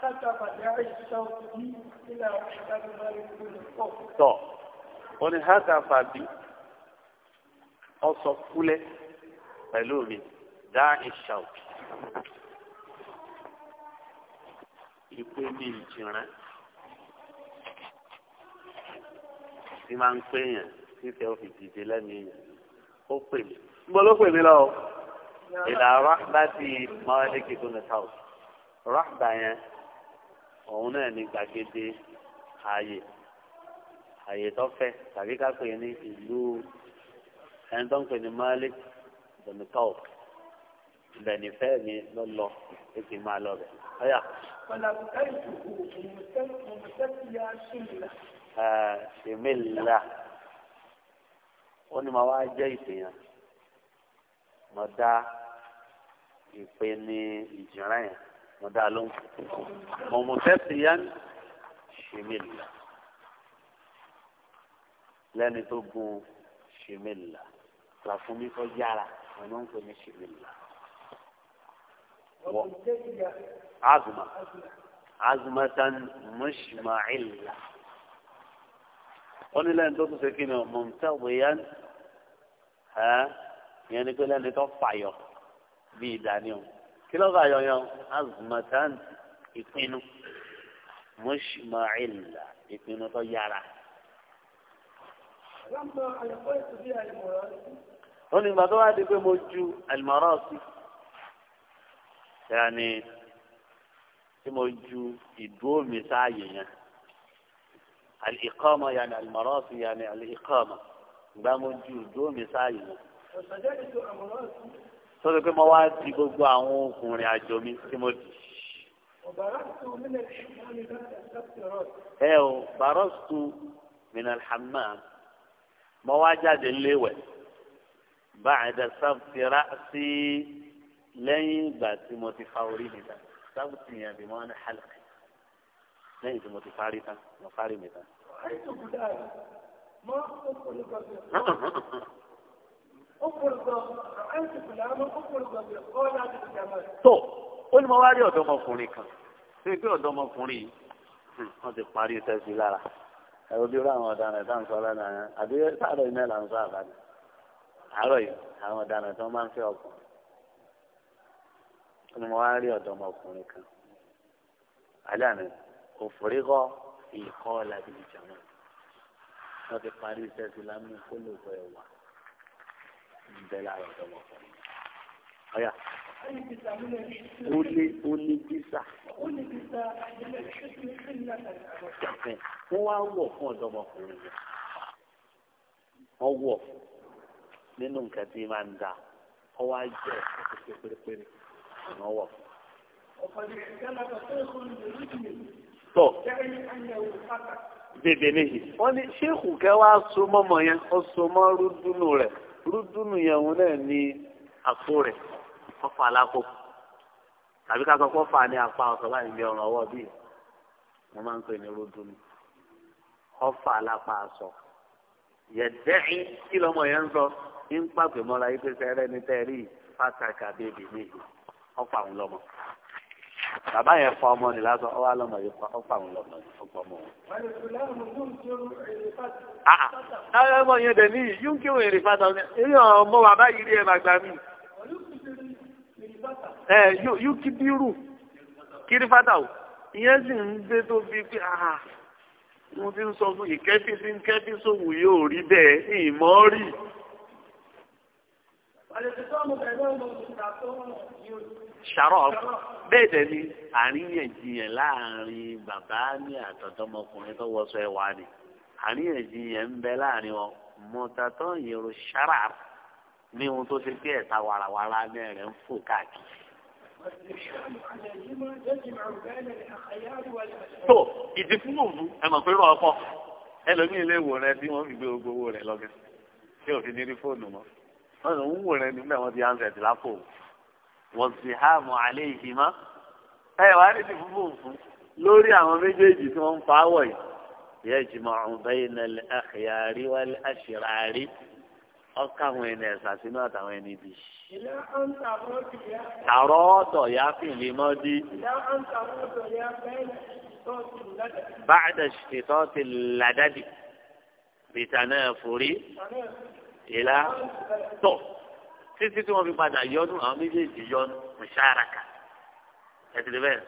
tọ́ wọ́n ní hákàfà bí ọsọ kúlẹ̀ pẹ̀lú mi dá ìṣàwùjọ ìpè ní ìjìnrán tí máa ń pè yàn títẹ òfin dìde lẹ́nu yàn ó pè mí níbo ló pè mí lọ ìlà rábà ti máa ń lé kíkún ní táwọn rábà yẹn òun náà ní gbàgede ààyè ààyè tó fẹ́ tàbí ká pè ní ìlú ẹni tó ń pè ní Malik bonikaw ibẹ̀ nífẹ̀ mi ló lọ ó sì máa lọ bẹ̀. ọ̀yà. ṣèmílà ó ní màá wá jẹ́ ìpèyàn mo dá ìpè ní ìjìnlẹ̀ yẹn mo dá lóhùn mọ̀mọ́tẹ́síyán ṣèmílà lẹ́ni tó gun ṣèmílà làfúnmi tó yára wọn ló ń pè ní ṣèmílà. azuma azumatan mushma'ila wọ́n ní lẹ́ni tó tún ṣe kí ni mọ̀mọ́tẹ́síyán yẹn ni pé lẹ́ni tó fàyọ̀ bíi daniel kí ló bá yọyọ azmatan ìpinnu mọ́ṣímáìlà ìpinnu tó yára. ó ní ìgbà tó wá di pé mo ju àlùmọ́rọ́ sí yàní tí mo ju ìdúró mi sáàyè yẹn àlìkọ́mọ yàní àlùmọ́rọ́ sí yàní àlìkọ́mọ ìgbà ju ìdúró mi sáàyè yẹn tó ti pé mo wá di gbogbo àwọn ọkùnrin àjò mi tí mo dì. ẹ o bàrọ́sù minal hammam mo wá jáde léwẹ̀ báyìí sábùtì sí lẹ́yìn ìgbà tí mo ti fa orí mi tán sábùtì yẹn bí mo ń halẹ̀ lẹ́yìn tí mo ti parí tán mo parí mi tán. tó ó ní mo wá rí ọ̀dọ́mọkùnrin kan tó yẹ pé ọ̀dọ́mọkùnrin yìí wọ́n ti parí tẹ́sí lára ẹ̀rọ bí irú àwọn ọ̀daràn tá à ń sọ lẹ́nu àná àbí sáàrọ̀ iná là ń sọ àbáni àárọ̀ yìí àwọn ọ̀daràn tó máa ń fẹ́ ọkùnrin ó ní mo wá rí ọ̀dọ́mọkùnrin kan alẹ́ àná òfòrí kọ́ ìkọ́ làbí ìjàmọ́ wọ́n ti parí tẹ́sí lámú kólóògbé ẹ̀wà bẹ́ẹ̀ láàárọ̀ ọ̀dọ́mọ̀ fún mi. ọ̀yà. ó ní ó ní bísà. wọ́n wá wọ̀ fún ọ̀dọ́mọkùnrin yẹn. wọ́n wọ̀ nínú nǹkan tí máa ń da wọ́n wá jẹ́ ẹ̀sẹ̀ pérépéré wọ́n wọ̀. bèbè méjì wọ́n ní ṣéèkù kẹ́ wá yẹn ó rúdúnú rẹ̀ rúdúnù yẹn òun náà ní àpò rẹ̀ ọfà alákò tàbí ká sọ pọ́fà ní apá ọ̀sán láì ní ọ̀rùn ọwọ́ bíi wọ́n máa ń pè ní rúdúnù ọfà alápá aṣọ yẹ̀dẹ́hìn kí lọ́mọ yẹn ń sọ ní pàpè mọ́ra yìí pé sẹ́rẹ́ ní tẹ́rí pátákà bèbè mi ọfà òun lọ́mọ bàbá yẹn fọ ọmọ ni lásán ọwọ́ alọ́mọ yìí pa ọ̀pọ̀ àwọn ọmọ yìí fọ́pọ̀ mọ́. àwọn yẹn dẹ̀ níyì yóò kí wọ́n èrè fata ọ̀nà èyí ọmọ bàbá yìí rí ẹ̀ màgbà mí. ẹ kí bírù kiri fata o ìyẹn sì ń gbé tó fi pé ah, ah. mo ti ń sọ fún ìkẹ́fí sí ń sóhun yóò rí bẹ́ẹ̀ ìmọ̀ rí. àlejò tó ń bẹ̀rẹ̀ lọ́wọ́ ìgbà tó ń yọ sharaf bẹ́ẹ̀ dẹ̀ ni àríyànjiyàn láàrin bàbá ní àtọ̀dọ́mọkùnrin tó wọṣọ ẹ̀wà ni àríyànjiyàn ń bẹ láàrin wọn mọ̀tàtọ́ ìrò sharaf ní ohun tó ṣe pé ẹ̀ta warawara náà rẹ̀ ń fò káàkiri. tó ìdínkù òru ẹ mọ̀ pé rọ ọkọ ẹlòmíì lè wò rẹ bí wọ́n fi gbé gbogbo rẹ̀ lọ́gẹ̀ tí òfin ní rí fóònù mọ́ wọ́n lọ wò rẹ nígbà wọ́n ti ansẹ̀tì lápò wọ́n sì há mọ́ alẹ́ ìhìmá ẹ wàá rí ti fúnfún fún lórí àwọn méjèèjì tí wọ́n ń fa wọ̀ yìí yẹ jùmọ̀ ọ̀hún bẹ́yìn náà lè àkìyàrí wá lè àṣìrárí ọkọ àwọn ẹni ẹ̀sà sínú àtàwọn ẹni bí. àrọ́ ọ̀tọ̀ ya fi lè mọ́ dí. بعد اشتطاط اللدد بتنافر إلى طف títí tí wọ́n fi padà yọnu àwọn méjèèjì yọnu mùsàràkà ẹ̀sìn bẹ́ẹ̀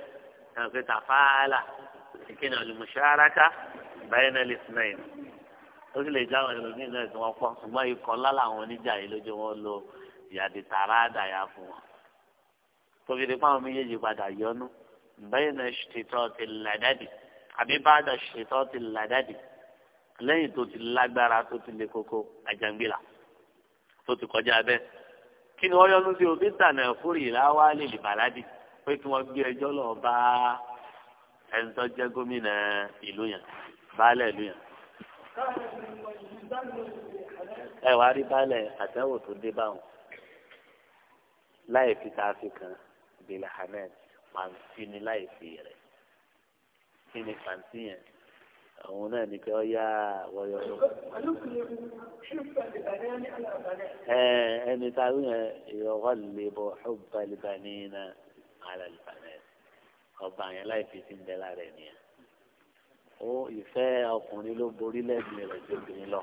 ẹ̀sìn pé tàfáàlà ìkíni ọ̀lù mùsàràkà báyìí náà lè sinmi ẹ̀yìn ó sì lè já àwọn ẹlòmíín náà tí wọ́n pọ̀ ṣùgbọ́n ikọ̀ ńlá làwọn oníjà yìí lójú wọn lo ìyàdí tààrà àdàyà fún wọn tóbi ní fáwọn méjèèjì padà yọnu báyìí náà ṣètò ti làdádì àbí báàdà ṣètò ti làdádì lẹ́yìn tó ti lágbára tó ti le koko àjàngbìlà tó ti kọjá bẹ́ẹ̀ kí ni wọ́n yọnu sí omi tànà fúri láwa lè lè bàládì pé kí wọ́n gbé ẹjọ́ lọ bá ẹni tó jẹ́ gómìnà ìlú yẹn baálẹ̀ ìlú yẹn. ẹ wá rí baálẹ̀ àtẹ̀wò tó dé báwọn láì fi tààfin kan bilhamed pàǹtí ni láì fi rẹ̀ kí ni pàǹtí yẹn àwọn náà ní kí ọ yá wọyọ. ẹni tá a wí yẹn ìyọ̀wọ́ lè bọ̀ ọba libani na ala libani ọba yẹn láì fi ti ń bẹ lára ẹ̀ nìyẹn. ó ìfẹ́ ọkùnrin ló borí lẹ́gbẹ̀ẹ́ rẹ̀ tó obìnrin lọ.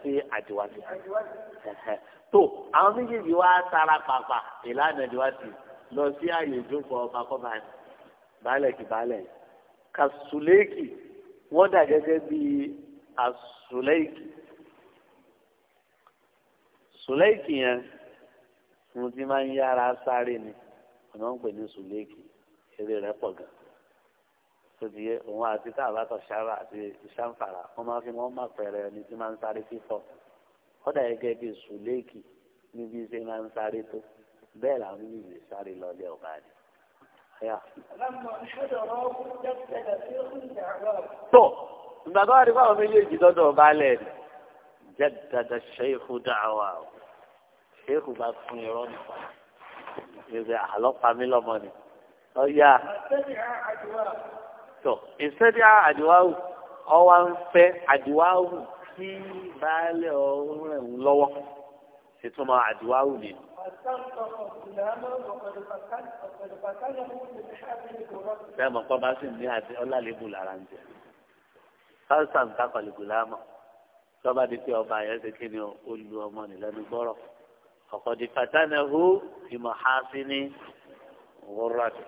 fi àjùwàtì. tó àwọn méjèèjì wá tara pàpà ìlànà àjùwàtì lọ sí àyè ìjókòó ọba kọba baálẹ̀ kì baálẹ̀ kàsùlẹ́ẹ̀kì wọ́n dà gẹ́gẹ́ bí àsùlẹ́ẹ̀kì sùlẹ́ẹ̀kì yẹn mo ti máa ń yára sáré ni ọ̀nà ń pè ní sùlẹ́ẹ̀kì eré rẹ̀ pọ̀ gan tòdì yẹ òun àti tá a bá tọ̀ ṣára àti ṣàǹfàrà wọ́n máa fi wọ́n máa pẹ̀rẹ̀ ẹni tí máa ń sáré fífọ́ kọ́dà gẹ́gẹ́ bí sùlẹ́ẹ̀kì níbi iṣẹ́ máa ń sáré tó bẹ́ẹ̀ làwọn ní ìwé sáré lọ́lẹ́ ọ̀gá ni. tó ìgbà tó wà ní fáwọn méjèèjì lọ́dọ̀ ọba lẹ̀ ni jẹ́dàdà ṣẹ́yìkú dàwa o ṣẹ́yìkú bá fún irọ́ nípa ìgbà àlọ́pàá mi lọ́mọ ni ọ̀yà tó ìṣẹ́ni àdìwáwù ọwọ́ ń fẹ́ àdìwáwù kí baálé ọ̀hún rẹ̀ ń lọ́wọ́ ìtumọ̀ àdìwáwù nìyí bẹ́ẹ̀ mọ̀ kọ́ bá sì ní àti ọlálébù lára ń jẹ káńsàn kákọ̀lùkù láàmọ̀ tọ́ba di pé ọba yẹn ṣe kí ni olú ọmọ nìlẹ́nu gbọ́rọ̀ ọ̀kọ̀dì fatanahu ìmọ̀ ha sí ní wúrọ̀dì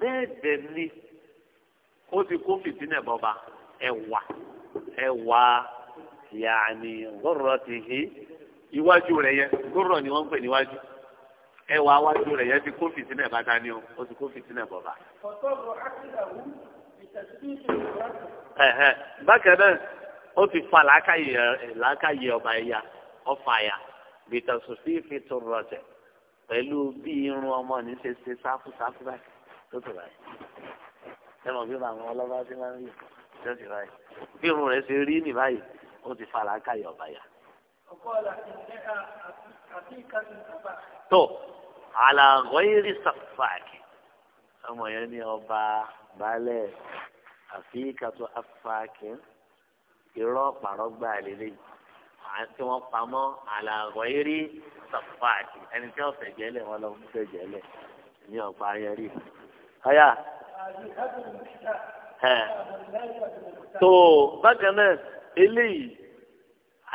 bẹ́ẹ̀ dẹ̀ ni ó ti kó fìdínà bọ́ba ẹ̀wà ẹ̀wà yàní wúrọ̀dì yìí iwájú rẹ̀ yẹn gòrò ni wọ́n ń pè níwájú ẹwà iwájú rẹ̀ yẹn ti kó fìtínà bàtà ni o ó ti kó fìtínà bọ̀bà. bákan náà ó ti fa làákàyè ọba ẹ̀yà ọfà àyà bìtàsùfì fi tòrò ọ̀tẹ̀ pẹ̀lú bí irun ọmọ ní ṣe ṣe sáfù sáfù báyìí tó ti báyìí ẹ mọ̀ bí àwọn ọlọ́ba ti máa ń rí tó ti báyìí bí irun rẹ̀ ṣe rí nì báyìí ó ti fa làákàyè ọba ẹ̀yà tó àlàgọ́yìrì sàfàkì ọmọ yẹn ní ọba balẹ̀ àfíkàtú afáàkì irọ́ pàrọ́gbà lélẹ̀ àti wọn pamọ́ àlàgọ́yìrì sàfàkì ẹni tí wọ́n fẹ̀jẹ̀ lẹ̀ wọ́n lọ ń fẹ̀jẹ̀ lẹ̀ ní ọ̀pá yẹn rí. ọ̀yà tó bákan náà eléyìí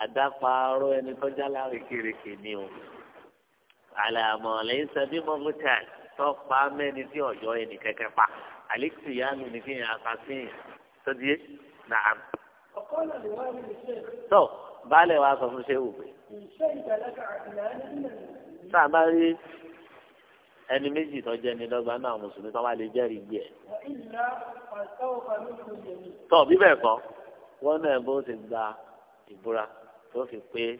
àdápaarọ́ ẹni tọ́jà láàrin kèrèkè ni o àlàmọ̀ lẹ́yìn sẹ́bí mọ́mútà tọ́pa mẹ́ni tí ọ̀jọ́ ẹni kẹ́kẹ́ pa àlẹ́kùtì yánu ni kí n yàtọ̀ sí i sọ́dí ẹ́ nàá. tó baálẹ̀ wa sọ fún ṣéwù pé. sáà bá rí ẹni méjì tó jẹ́ ni dọ́gba náà mùsùlùmí tó bá lè jẹ́rìí gbé ẹ̀. tó bíbẹ̀ kọ́ wọ́n náà bó ti gba ìbúra tó fi pé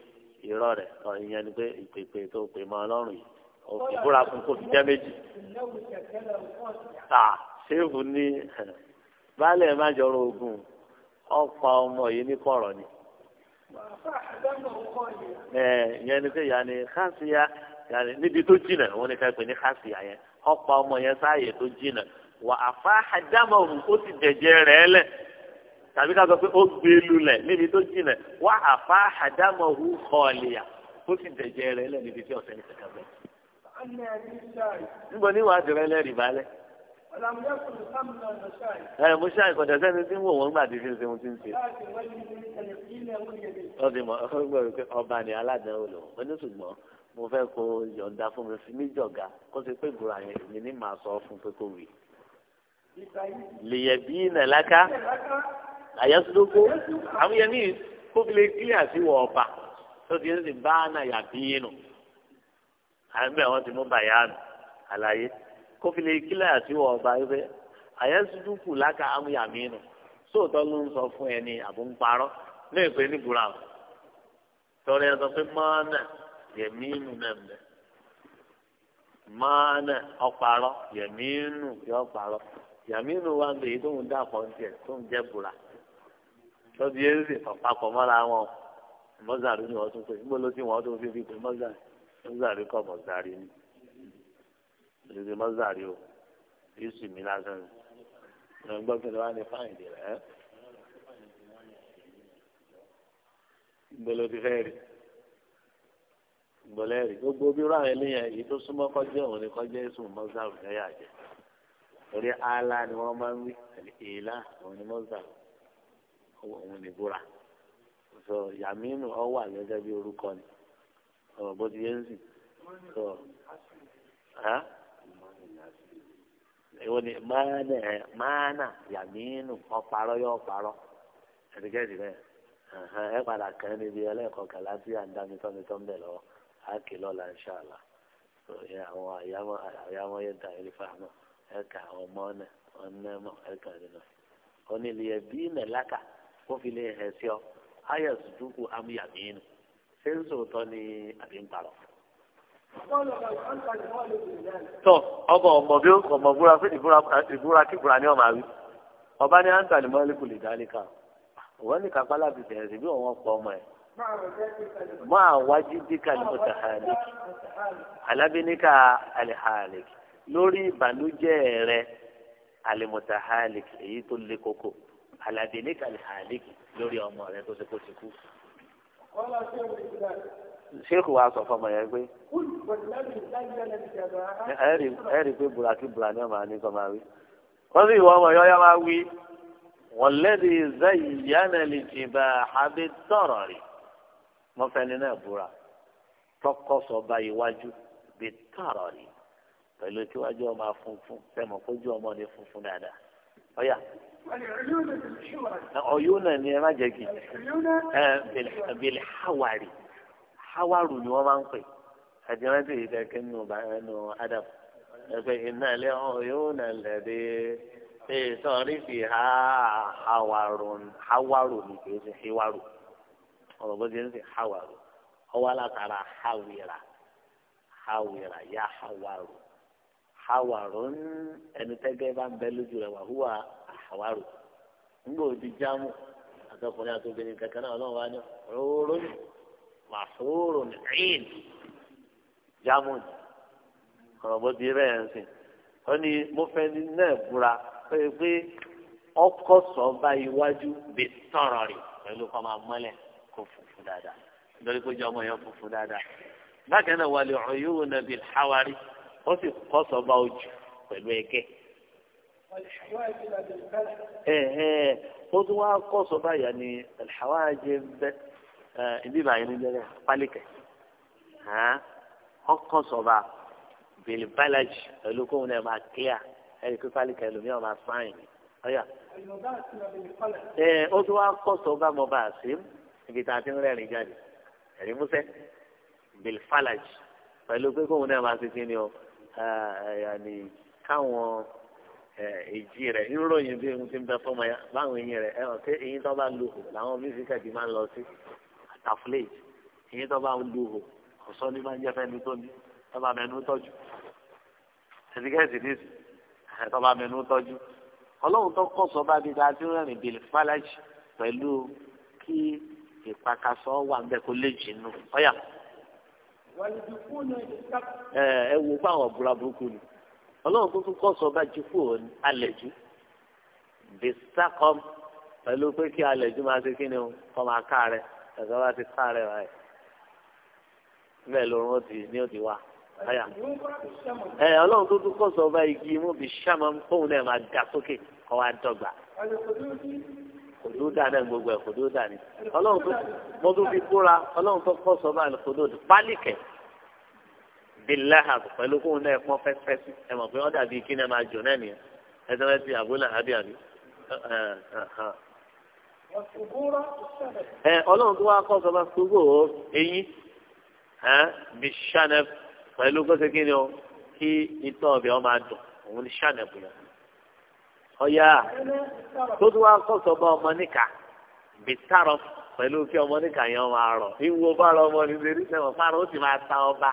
irọ́ rẹ̀ ọ̀ ìyẹn ni pé ìpèpè tó pè mọ́ ọlọ́run yìí òkè búra fún kó fi jẹ́ méjì. tà ṣéèfù ní baálẹ̀ má jọrọ ogun ọ̀pá ọmọ yìí ní kọ̀rọ̀ ni. ìyẹn ni pé yanni káṣíyá yanni níbi tó jìnà òun ni ká pè ní káṣíyá yẹn ọ̀pá ọmọ yẹn sáàyè tó jìnà wà á dámọ̀ òun ó ti jẹ̀jẹ̀ rẹ̀ tàbí ká sọ pé ó gbé lulẹ̀ níbi tó jìnà wá àfa àdámọ̀hù kọ̀ọ̀lìyà ó sì dẹ̀jẹ̀ rẹ̀ lẹ̀ níbi tí ọ̀sẹ̀ ní kẹ̀kẹ́ bẹ̀. níbo ni wàá dìrẹ́ lẹ́rìí balẹ̀. ẹ mo ṣe àìkọ̀dẹ̀ sẹ́ni tí ń wò wọ́n gbà tí fi ń ṣe ohun tí ń ṣe. ọ̀dì mọ̀ ọba ni aládàáwò lò ó ní ṣùgbọ́n mo fẹ́ kó yọ̀ǹda fún mi fi mí jọ̀ga kó ṣe pé ìgbòrò àyẹ̀ mi ní màá sọ fún pé kó wì. lìyẹ̀bí nàlákà àyẹ́sídógó àwọn yẹn ní kókìlẹ̀ kílíà sí wọ ọba tó ti ń sìn bá ànà yàbí yín nù àmì àwọn ti mú bàyánu àlàyé kókìlẹ̀ kílíà sí wọ ọba yìí pé àyẹ́sídógó láka àmúyàmí nù sóòtọ́ ló ń sọ fún ẹ ní àbúńparọ́ ní ìpè ní buram tọ́lá yẹn sọ pé mọ́ọ́nà yẹ̀mínú náà ń bẹ̀ mọ́ọ́nà ọ̀parọ́ yẹ̀mínú yọ̀ọ̀parọ́ yẹ̀mínú wa ń bẹ̀ yìí tó ń dà pọ̀ ń tiẹ̀ tó ń jẹ́ buram tọ́bi yẹn sì papọ̀ mọ́ra wọn mọ́sàrí ni wọ́n tún pè níbo ló ti wọ́n tún fi fi pè mọ́sàrí mọ́sàrí kọ́ mọ́sàrí ni ìdíje mọ́sàrí o yóò sì mí lásán ni ìrìn gbọ́dọ̀ wá ní fáìndì rẹ̀ ẹ́ níbo ló ti fẹ́ rí gbọ́lẹ́ rí gbogbo bí irú àwọn eléyàn èyí tó súnmọ́ kọjá òun ni kọjá èso mọ́sàrí lẹ́yà jẹ torí ààlà ni wọ́n máa ń wí àti èèlà òun ni mọ́sàrí. òun ní búra so yaminu ọ wà bí orúkọ ni ọ̀rọ̀ bó ti yé ń sìn so èwo ni maana ẹ ọparọ yọ ọparọ ẹdígẹ́dì rẹ ẹ padà kàn níbi ẹlẹ́kọ̀ọ́ kàlá tí à mi ń bẹ̀ á kì í lọ́la yẹ àwọn yẹn ta ẹ kà ọmọ náà ẹ kó fi lè hẹ̀ sí ọ ayọ̀ sùdúkù amúyàmínú ni àbí ń parọ́. tọ ọba ọmọ bí ọmọ búra fún ìbúra kíbúra ní ọmọ àwí ọba ní anthony mọ́lẹ́kù lè dálé ká òun ní kápá láti bẹ̀rẹ̀ sí bí òun pọ̀ ọmọ ẹ̀ mọ́ àwájú díkà ní mọ̀tàhálẹ́kì alábíníkà àlẹ́hálẹ́kì lórí ìbànújẹ́ rẹ̀ àlẹ́mọ̀tàhálẹ́kì èyí tó le koko àlàdélé kàlíhàlík lórí ọmọ rẹ tó ṣe kó ti kú. ṣéèkù wa sọ fọmọ yẹn pé ẹ rí i pé buraki burani ọmọ àní kọ́ máa wí wọ́n sì wọ́n ọmọ yọ ya máa wí wọ́n lẹ́dí zayyana lè jìbà àbí tọ̀rọ̀ rí wọ́n fẹ́ni náà búra tọkọ sọ bá iwájú bí tọ̀rọ̀ rí pẹ̀lú tíwájú ọmọ funfun sẹ́mu kójú ọmọ ní funfun dáadáa ọ̀yà ọ̀yọ́nà ni ẹ má jẹ́ kí bẹ̀lẹ̀ hawari hawaru ni wọ́n máa ń pè àjẹmẹ́tì ìdákẹ́ nù nù adam ẹgbẹ́ iná lé ọ̀yọ́nà lẹ́dẹ́ ètò oríṣi ha hawaru ni kì í ṣe hiwaru ọ̀rọ̀ bó ṣe ń ṣe hawaru ọwọ́ alátara hawira hawira ya hawaru hawaru ẹni tẹ́gẹ́ bá ń bẹ lójú rẹ̀ wà húwa. àwárò nígbà òdi jámù àtọkùnrin àtọkùnrin kankan náà ọlọ́run wá ní róró màsóró ẹ̀yìn jámù ọ̀rọ̀ bó ti rẹ̀ ń sìn ó ní ọkọ funfun dáadáa nítorí pé funfun dáadáa bákan náà wà lè nàbí hawari ó sì kọ́ sọ bá ojú ẹ̀hẹ́n eh, eh, ó tún wá kọ́ sọ báyà ni alhàwájẹ bẹ eh, ibi báyìí ní bẹ́rẹ̀ pálíkẹ̀ ọkọ̀ sọ̀ba bìlì bálájì pẹ̀lú kóun náà máa kíá ẹ̀rí pé pálíkẹ̀ lòmíràn máa sáyìn ọ̀yà. ó tún wá kọ́ sọ̀ba mọba àṣìm ibi tá a ti ń rẹ́rìn jáde ẹ̀rí músẹ́ bìlì fálájì pẹ̀lú pé kóun náà máa ti kí ni ọ káwọn èjì rẹ̀ níròyìn bí ohun ti ń bẹ fọmọ ya báwọn eyín rẹ̀ ẹ̀ ọ̀tẹ́ eyín tó bá lu hò làwọn mísíkà ti máa ń lọ sí àtàfúlẹ̀jì eyín tó bá lu hò ọ̀sọ́ ni máa ń jẹ́ fẹ́ni tó ní tó bá mẹnu tọ́jú ẹ̀dígẹ́sì ní tó bá mẹnu tọ́jú ọlọ́run tó kọ́ sọ bá bí dáa tí ó rẹ̀ rìn bìlì fàlàjì pẹ̀lú kí ìpàkàsọ wà ń bẹ kó lè jìnnú ọ̀yà. ẹ wò fáwọn burúkú ni ọlọ́run tuntun kọ́ sọ bá ju kúrò alẹ́jú bisakom pẹ̀lú pé kí alẹ́jú máa ṣe kíni o kọ́ máa ká rẹ ẹ̀sọ́ bá ti ká rẹ báyìí bẹ́ẹ̀ lórun ó ti ní òdì wa báyà ẹ ọlọ́run tuntun kọ́ sọ bá igi mú bí sàmọ́ kóun náà máa ga sókè kọ́ wa dọ́gba kòdódà náà gbogbo ẹ̀ kòdódà ni ọlọ́run tó mọ́tò fi kóra ọlọ́run tó kọ́ sọ bá ní kòdódà pálíkẹ̀ bilaha pẹ̀lú kóun náà pọ́n fẹ́sífẹ́sí ẹ mọ̀ pé wọ́n dàbí kí náà máa jò náà nìyẹn ẹsẹ̀ rẹ̀ ti àbúlà àbí àbí. ẹ ọlọ́run tó wá kọ́ sọ ma ṣubú o eyín bí ṣànẹ́f pẹ̀lú kó ṣe kí ni o kí itọ́ ọbẹ̀ ọ máa dùn òun ní ṣànẹ́f yẹn. ọ̀yà tó tún wá kọ́ sọ ọmọ níkà bí tààrọ̀ pẹ̀lú kí ọmọ níkà yẹn máa rọ̀ ìwọ bá rọ ọmọ nìyẹn sẹ́wọ̀n fárọ̀ ó sì máa ta ọba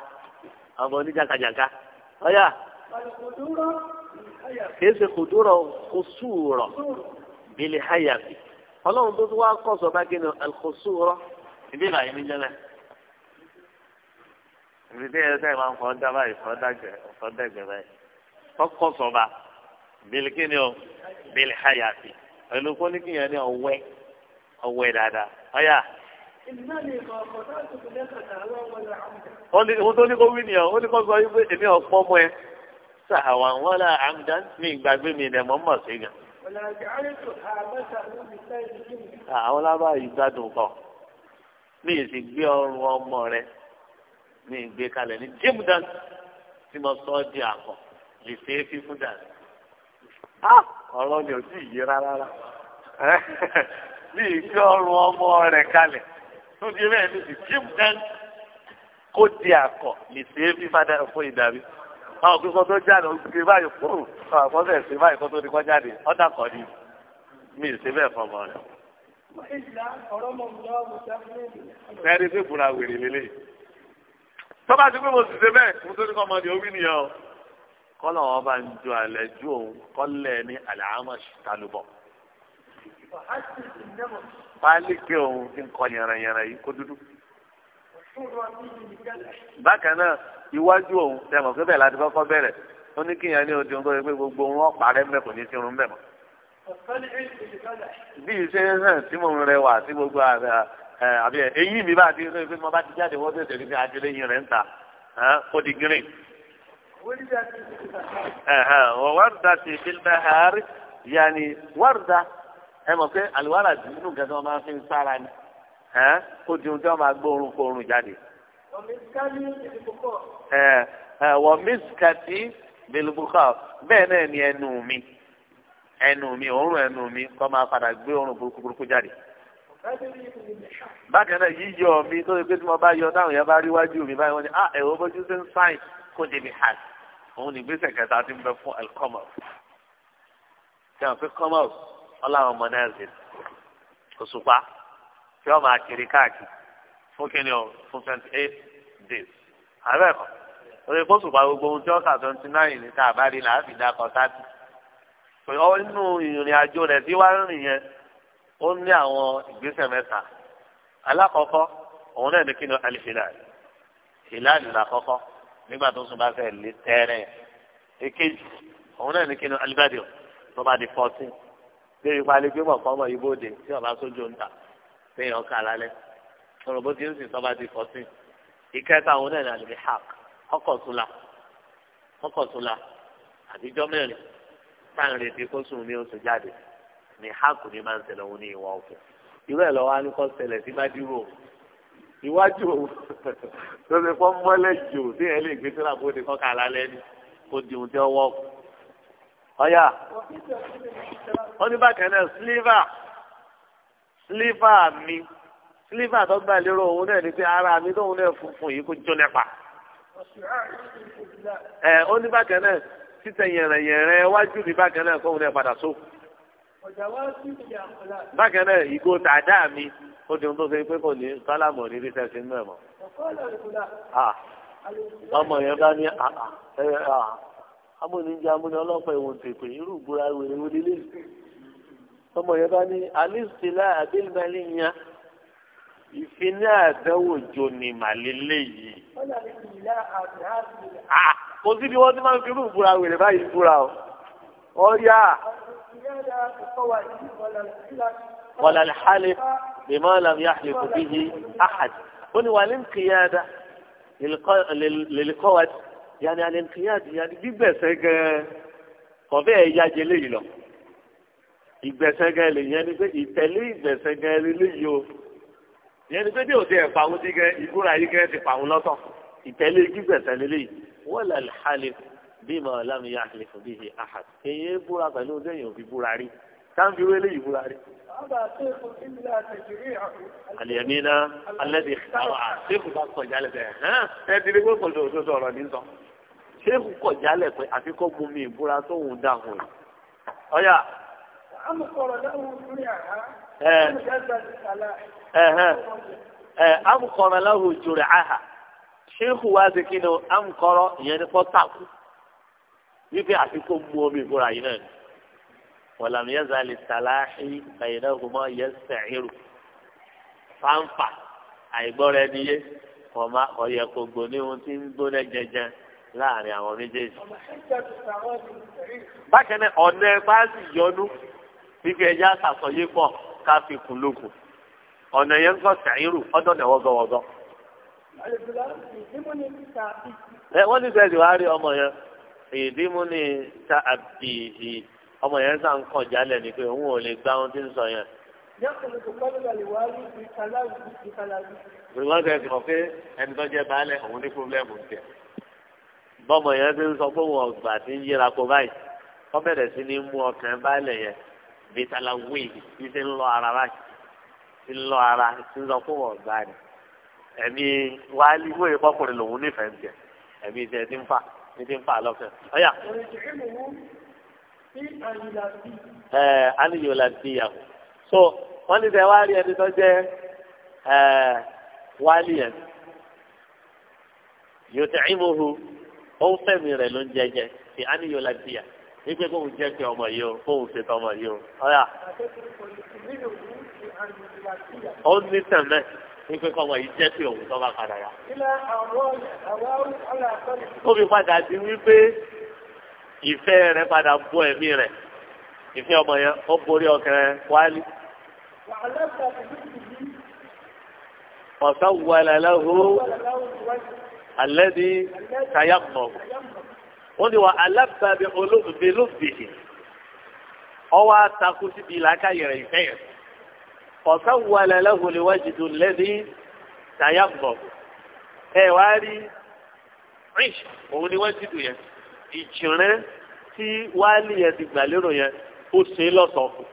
ọmọ oníjàkàjàkà ọyà kìí ṣe kòdúrọ kòsúrọ bìlì hayàfi ọlọ́run tó tún wá kọ́ sọ bá gẹ́nu alkòsúrọ ìbí ìlànà ìbí jẹ́lẹ̀ ìbí tí ẹ̀rọ máa ń fọ́ dá báyìí fọ́ dàgbẹ́ fọ́ dàgbẹ́ báyìí kọ́kọ́ sọ bá bìlì kí ni o bìlì hayàfi pẹ̀lú kóníkìyàn ni ọ̀wẹ́ ọ̀wẹ́ dáadáa ọyà. Wọ́n tó ní kó wí nìyàn, ó ní kó sọ wípé èmi ọ̀pọ̀ mọ́ ẹ. Sàhàwà wọn là àmdá ní ìgbàgbé mi ìdẹ̀ mọ́ mọ̀ sí gan. Àwọn lábá ìgbádùn kan. Mi ì sì gbé ọrùn ọmọ rẹ̀. Mi ì gbé kalẹ̀ ní Jimdan tí mo sọ ọ́ di àkọ́. Lè ṣe é fífún dàní. Ah! Ọ̀rọ̀ ò sì yé rárá. Mi ì gbé ọrùn ọmọ rẹ̀ kalẹ̀ tó di rẹ̀ ní ìjìm dán kó di àkọ́ lè ṣe é fún ìdàbí. àwọn òkú kan tó jáde òkè báyìí kó àwọn àkọsẹ̀ ṣe báyìí kó tó di kọ́ jáde ọ̀dà kọ́ ni mi ì ṣe bẹ́ẹ̀ fọ́ ọmọ rẹ̀. ẹni tó bùra wèrè lélẹ̀ tọ́ba ti pé mo sì ṣe bẹ́ẹ̀ mo tó ní kọ́ ọmọdé orí nìyẹn o kọ́lọ̀ wọn bá ń ju àlẹ́ ju òun kọ́lẹ̀ ní àlẹ́ àmọ̀ ṣ pálíkì òun ti ń kọ yànrànyànrà yìí kó dúdú. bákan náà iwájú òun tẹmọ pé bẹ́ẹ̀ láti kọ́kọ́ bẹ̀rẹ̀ ó ní kíyàn ní odi ohun tó yẹ pé gbogbo ohun ọ̀pá rẹ mẹ́kò ní sírun mẹ́ mọ́. bí iṣẹ́ hàn tí mò ń rẹwà sí gbogbo àbí eyín mi bá ti rí pé mo bá ti jáde wọ́n tẹ̀sẹ̀ níbi àjẹlẹ̀ yìí rẹ̀ ń ta kó di green. wọ́n dà sí fílmẹ̀ hàrí yanni wọ́n dà ẹ mọ̀ pé àlùwárà tí inú kẹsàn án máa fi ń sára ni ẹ kó di ohun tí wọ́n máa gbọ́ orun kóorun jáde. ẹ ẹ wọ mísìkàtì bilibukọ bẹ́ẹ̀ náà ni ẹnu mi ẹnu mi òórùn ẹnu mi kó máa padà gbé orun burúkú burúkú jáde. bákan náà yíyọ mi tó ṣe pé tí mo bá yọ táwọn yẹn bá rí wájú mi báyìí wọ́n ní ah ẹ̀wọ́ bójú ṣe ń sáìn kó débi hàt òun ní ìgbésẹ̀ kẹta ti ń bẹ fún ẹ̀kọ́mọ̀ tí ọláwọn ọmọ náà ṣe òṣùpá tí wọn máa kiri káàkiri fún kíni o fún twenty eight days àbẹ kọ orí fóṣùpá gbogbo ohun tí wọn kà twenty nine ní káàbá rí làá fi dá kan sáàtì inú ìrìn àjò rẹ tí wàá rìn yẹn ó ní àwọn ìgbésẹ̀ mẹ́ta alákọ̀ọ́kọ́ òun náà ní kíni alihilal hilal làkọ́kọ́ nígbà tó sùn bá fẹ́ lé tẹ́rẹ̀ èkejì òun náà ní kíni alibadio tó bá di fourteen débi palẹ pé mọ̀kọ́ mọ̀ yìí bóde tí ọba sójú ń tà téèyàn kà lálẹ́ sọ̀rọ̀ bó ti ń sìn tọ́ba ti fọ́ sí ìkẹta òun náà nàlẹ́ hàk ọkọ̀túnla ọkọ̀túnla àtijọ́ mẹ́rin táà ń retí kó sùn ní oṣù jáde ní hàk ní máa ń ṣẹlẹ̀ òun ní ìwà òfin irú ẹ̀ lọ́wọ́ alukọ́ ṣẹlẹ̀ sí mádìrò iwájú òun tó ti fọ́ mọ́lẹ̀ jù tí ẹ lè gbé sílà bóde kọ́ kà lálẹ́ ni kó di tí ọwọ́ kù ọ̀yà wọ́n náà sílífà sílífà mi sílífà tó gbà lérò òun náà ni pé ara mi tóun náà funfun yìí kó jó nípa. ẹ ó náà títẹ̀ yẹ̀rẹ̀yẹ̀rẹ̀ wájú mi bákan náà kóun náà padà só. bákan náà ìgò tàdá mi ó di tó ṣe pé kò ní sálámù ní bí sẹ́sìn náà mọ̀. Ah. ọmọ yẹn bá ní àà ah, ah, ẹ àà amúnijẹ amúni ọlọ́pàá ìwọ̀n tètè irú ìbúra wèrè wọlé lé ọmọ yẹn bá ní alísílá abílmẹ́lì yẹn ìfini àdánwò jo ni màlélẹ́ yìí. kò sí bí wọ́n ti máa ń fi irú ìbúra wèrè báyìí búra o ọ̀yà. wàlá alḥálẹ̀ bímọ làmì àhlẹ̀ kò bí yìí àhàd ó ní wàlẹ́ nkìyàdá lè kọ́ wa yanni alẹ́nkìyàdì yanni gbígbẹ̀sẹ̀ gan kọ̀fẹ́ ẹ̀ yájẹ léyìí lọ ìgbẹ̀sẹ̀ gan lè yẹn ni pé ìtẹ̀lé ìgbẹ̀sẹ̀ gan léyìí o yẹn ni pé bí òde ẹ̀fà àwọn ti gan ìbúra yìí gan ti pàwọn lọ́tọ̀ ìtẹ̀lé gbígbẹ̀sẹ̀ léyìí wọ́n lè hàlẹ́ bí màá lámìyá àlẹ́ fún bíi àhàt káńbí wẹ́lẹ́ yìí múra rí. àlìyàmínà alẹ́bí àwọn àṣẹ́kù bá kọ̀ jálẹ̀ bẹ́ẹ̀ hàn ẹ́ ti rí gbọ́dọ̀ òṣooṣù ọ̀rọ̀ ní sọ. ṣéèkù kọ̀ jálẹ̀ pé àfikọ́ gbomi ìbúra tóun dáhùn rẹ̀. aha wọ̀làmù yẹn zàlì sàláhì bàyìnà ọ̀gbọ̀n yẹn sẹ̀hìrù fáńfà àìgbọ́ra ẹni yé ọ̀yẹ̀ kò gbò ní ohun tí ń gbóná jẹjẹ láàrin àwọn méjèèjì. bákan náà ọ̀nà ẹ̀ máa sì yọnu fífi ẹja sàsọyé pọ̀ ká fi kùn lókun ọ̀nà yẹn ń kọ́ sẹ̀hìrù ọ̀dọ̀ náà wọ́gọ́wọ́gọ́. ẹ wọ́n ti sẹ́yìn wá rí ọmọ yẹn ìdí mú ni ta àbí ọmọ yẹn sàn kàn jálẹ̀ ni pé òun ò lè gbá ohun tí ń sọ yẹn. ìwádìí ẹ̀sìn mọ̀ pé ẹni tó jẹ́ baálẹ̀ òun ní fúnlẹ́mù tiẹ̀. bọ́mọ yẹn ti ń sọ pé òun ọ̀gbà ti ń yíra kó báyìí wọ́n bẹ̀rẹ̀ sí ní mú ọkàn baálẹ̀ yẹn bitala wíì tí ti ń lọ ara báyìí ti ń lọ ara ti ń sọ pé òun ọ̀gbà rẹ̀ ẹ̀mí wáálí wíì pọ́kùnrin lòun nífẹ̀ẹ́ tiẹ̀ ẹ̀mí tiẹ̀ ti ń fà ti ń fà lọ́kàn. ẹ eh, aniyan la ti yà wò so wọn ti sẹ wá rí ẹni jẹ ẹ yẹn yóò tẹ ìmúhu ó ń fẹmi rẹ ló ń jẹjẹ ti aniyan la ti yà wípé kóun jẹ pé ọmọ yìí o kóun ṣe tọmọ yìí o ọyà ó ní tẹmẹ wípé kọ́mọ yìí jẹ́ pé òun tọ́ bá padà yá. ó fi padà di wípé. ìfẹ́ rẹ̀ padà bọ́ ẹ̀mí rẹ̀ ìfẹ́ ọmọ yẹn ó borí ọkàn wálé. ọ̀sán wàlẹ̀ lẹ́hu alẹ́ ní kayamọ̀ wọ́n ti wà alábàbí olóògbé lóbìnrin ọwọ́ àtakú síbi làákàyè rẹ̀ ìfẹ́ yẹn ọ̀sán wàlẹ̀ lẹ́hu lè wájú tó lẹ́ni kayamọ̀ ẹ̀ wá rí rich òun ni wọ́n ti dùn yẹn ìjìnrín tí wáálì yẹn ti gbà lérò yẹn ó ṣe é lọ́sọ̀ọ́ fún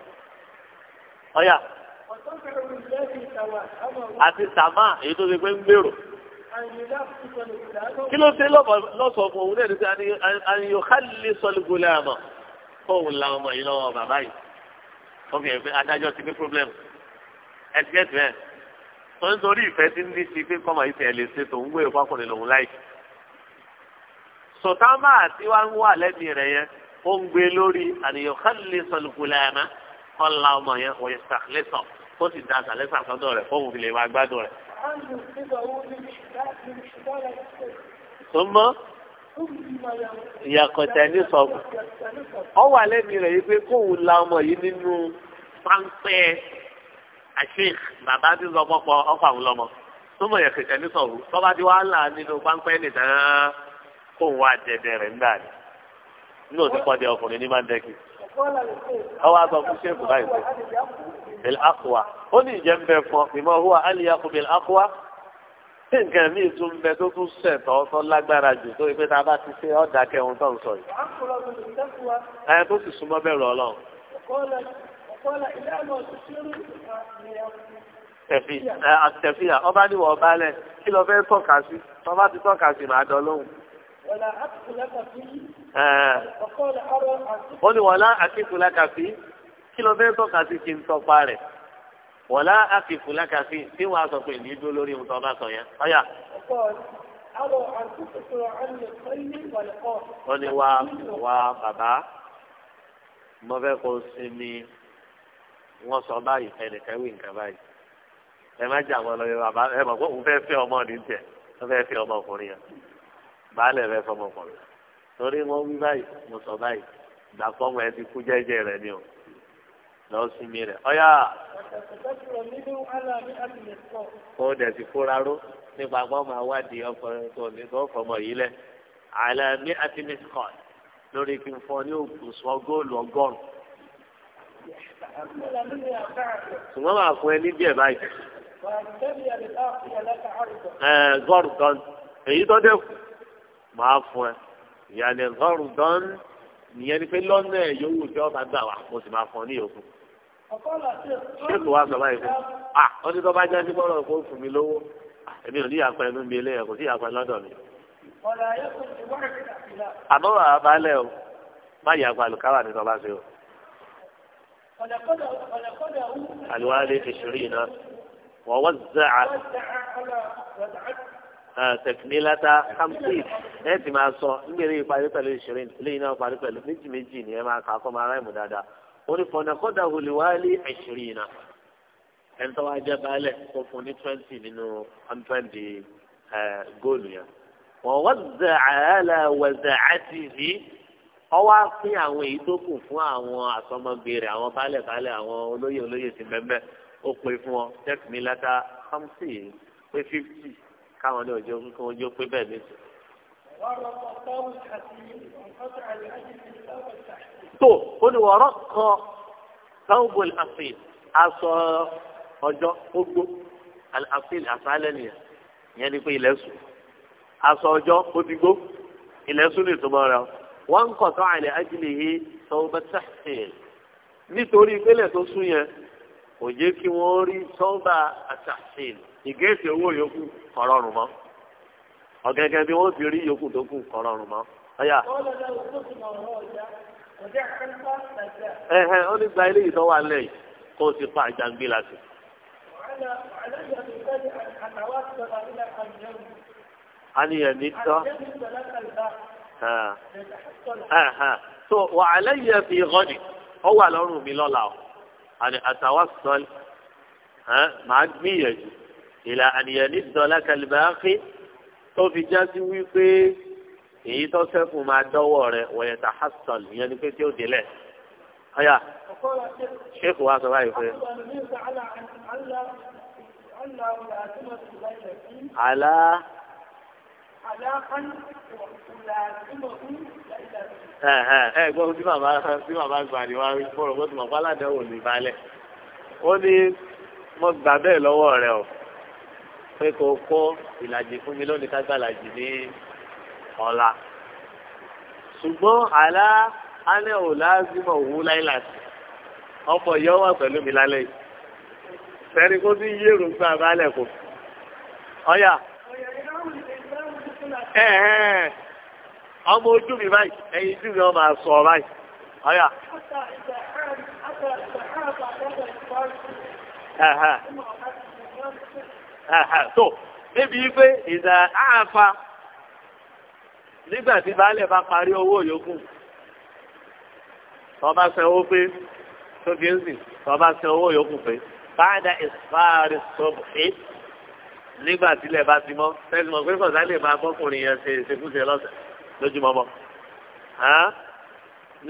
ọ̀yà àti sàmà èyí tó ṣe pé ń gbèrò kí ló ṣe lọ́sọ̀ọ́ fún òun náà ní sẹ́ àníyàn kálí sọ́lùgùlẹ̀ àmọ́ fóun la ọmọ yìí lọ́wọ́ bàbá yìí wọ́n fi hàn pé adájọ́ ti ní problem ẹ̀sìkẹ́sì tó ń torí ìfẹ́ sí ní ti pé kọ́mọ ìfẹ́ sọ̀tàmà àti wá ń wà lẹ́mìí rẹ̀ yẹn ó ń gbé lórí àníyàn kálí sọlùkùlẹ̀ àná ọ̀la ọmọ yẹn òye sàlẹ́sọ̀ ó sì da sàlẹ́sà sọ́dọ̀ rẹ̀ fóun fi lè máa gbádùn rẹ̀. sọmọ ìyàkọ̀tẹ̀ ní sọ̀kù ọ wà lẹ́mìí rẹ̀ yìí pé kóun la ọmọ yìí nínú páńpẹ́ àṣeyìk bàbá tí ń lọ pọ́pọ́ ọkọ̀ àwọn ọmọ sọmọ ìyàkọ̀tẹ̀ ní sọ̀kù kó wá dẹdẹ rẹ̀ ńgbà ni nínú òsì pọ́ndé ọkùnrin ní mandeki ọwọ́ àgbà fún sẹ́kù báyìí pé bẹ̀lẹ̀ àkùwà ó ní ìjẹ́ ń bẹ fún ọ ìmọ̀ òhùwà aliyahu bẹ̀lẹ̀ àkùwà tí nǹkan míì tún bẹ tó tún sẹ̀tọ̀ tó lágbára jù tó ìpè tá a bá ti ṣe ọ̀dà kẹhun tó ń sọ yìí. ẹ tó sì súnmọ́ bẹ̀rù ọlọ́run. tẹ̀fì àtẹ̀fì ọba ni wọ́n balẹ̀ kí lọ fẹ́ tọ́ka sí tọ́ ti tọ́ka sí màá dán lóhùn ó ní wàlá àkíkù lákàfí kí ló fẹ́ tọ́ka sí kí n tọpa rẹ̀ wàlá àkíkù lákàfí tí wọ́n á sọ pé ní dúró lórí ohun tó bá sọ yẹn ọ̀yà. ó ní wá wá bàbá mo fẹ́ kó sinmi wọ́n sọ báyìí ẹnìkan wí nǹkan báyìí ẹ má jà wọ́n lọ bàbá ẹ mọ̀ pé òun fẹ́ fẹ́ ọmọ ní tiẹ̀ wọ́n fẹ́ fẹ́ ọmọkùnrin yẹn baálẹ̀ rẹ fọmọkùnrin torí wọn wí báyìí mo sọ báyìí gbàgbọ́ ọmọ ẹ ti kú jẹ́jẹ́ rẹ ni o lọ sinmi rẹ ọyà. ó dẹ̀ ti kóra ró nípa pọ́ máa wádìí ọkùnrin tó ní tó fọmọ yìí lẹ. àlàmì àti mìsíkọ̀n lórí kí n fọ ní òkùnsọ góòlù ọgọ́rùn. ṣùgbọ́n máa fún ẹ ní díẹ̀ báyìí. gọ́ọ̀rù kan èyí tó dẹ́kun máa fún ẹ ìyàlẹ̀ ọ̀rùn dán nìyẹn ni pé lọ́nà ẹ̀ yòówù tí ọba gbà wá mo sì máa fún ọ ní ìyókù. ṣéèkì wa sọ báyìí fún à ó ní tó bá jẹ́ síbọ̀rọ̀ kó fún mi lówó èmi ò ní ìyàpẹ́ inú mi eléyẹ̀ kò sí ìyàpẹ́ lọ́dọ̀ mi. àmọ́ wàá balẹ̀ o má yàgbà lùkárà ní tọ́ba ṣe o. àlùwálé ti ṣùrí iná wọ́n wọ́n zẹ́ Ah, tẹkinilata kamsi ẹ ti máa sọ nígbèrè ìparí pẹ̀lú ìṣirin lẹ́yìn náà parí pẹ̀lú méjì méjì ni ẹ máa kà fọmọ ará ìmú dáadáa ó ní fọnàkọ́dà olùwálé ìṣirin náà ẹni tó wá jẹ baálẹ̀ kó fún ní twenty nínú hundred eh, góòlù yẹn wọ́n wọ́n zẹ̀ àyàlà wẹ̀zẹ̀ àti ìhí ọwọ́ pín àwọn èyí tó kù fún àwọn àsọmọgbèrè àwọn baálẹ̀ baálẹ̀ àwọn olóyè olóyè ti bẹ́ẹ̀ bẹ́ẹ̀ ó pè fún ọ tẹkinilata kamsi pé fifty káwọn ní ọjọ́ kí wọ́n jó pé bẹ́ẹ̀ méjì. tó ó ní wọ́ọ́rọ́ kan sáwùbọ̀lì àfihàn aṣọ ọjọ́ ogbó àfihàn àṣálẹ̀ nìyẹn ìyẹn ni pé ilẹ̀ sùn aṣọ ọjọ́ ó ti gbó ilẹ̀ sùn lè tó mọ́ wọ́n ń kọ̀ tó àìlẹ̀ ájílẹ̀ yìí sọ́wọ́bẹ̀ sáfihàn nítorí ìpínlẹ̀ tó sún yẹn kò jẹ́ kí wọ́n rí sọ́wọ́bà àṣàfihàn ìgéèsì owó yòókù kọ̀rọ̀rùn mọ́ ọ̀gẹ́gẹ́ bí wọ́n ti rí yòókù tó kù kọ̀rọ̀rùn mọ́ ọ̀yà. ẹ̀hẹ̀ ó ní gba eléyìí tó wà nílẹ̀ yìí kó o sì pa àjàngbé láti. àníyàn ní tọ́ so wà á lẹ́yìn ẹ̀fì ìrọ́nì ó wà lọ́rùn mi lọ́la o àti àtàwọn sọ́ọ̀lì màá gbìyànjú ìlà àníyàn ní dọ́là kàlìbáàkì tó fi já sí wípé èyí tó sẹ́kù máa dọ́wọ́ rẹ̀ wọ̀nyẹn tà hasan ìyẹn ni pé tí ó délẹ̀. ọ̀yà ṣéèkù wa sọ báyìí pé. àlá. àlá kan ìlà ẹ gbọ́n tí màmá tí màmá gbà ní wá rí fọ́ọ̀rọ̀ bó ti mọ̀ fáládẹ́wò ní balẹ̀. ó ní mo gbà bẹ́ẹ̀ lọ́wọ́ rẹ o pé kò kó ìlàjì fún mi lónìí kágbàlàjì ní ọ̀la ṣùgbọ́n àlá alẹ́ ò láàzìmọ̀ òwú láìláṣì ọkọ̀ yọ wà pẹ̀lú mi lálẹ́ yìí sẹ́ni kó sì yí èròǹgbà balẹ̀ kù ọ̀yà ọmọ ojú mi báyìí ẹyin ojú mi ọmọ àṣọ báyìí ọ̀yà. Uh-huh tó débi pé ìdá àáfa nígbà tí baálé bá parí owó yòókù tọ́ba san owó pé tó fi ń sìn tọ́ba san owó yòókù pé báyìí ìfáàrí sọ̀bùkì nígbà tílẹ̀ bá ti mọ́ sẹ́yìn mọ̀ pé kọ̀ọ̀dá lè máa bọ́kùnrin yẹn ṣe ìṣekúṣe lọ́sẹ̀ lójúmọ́mọ́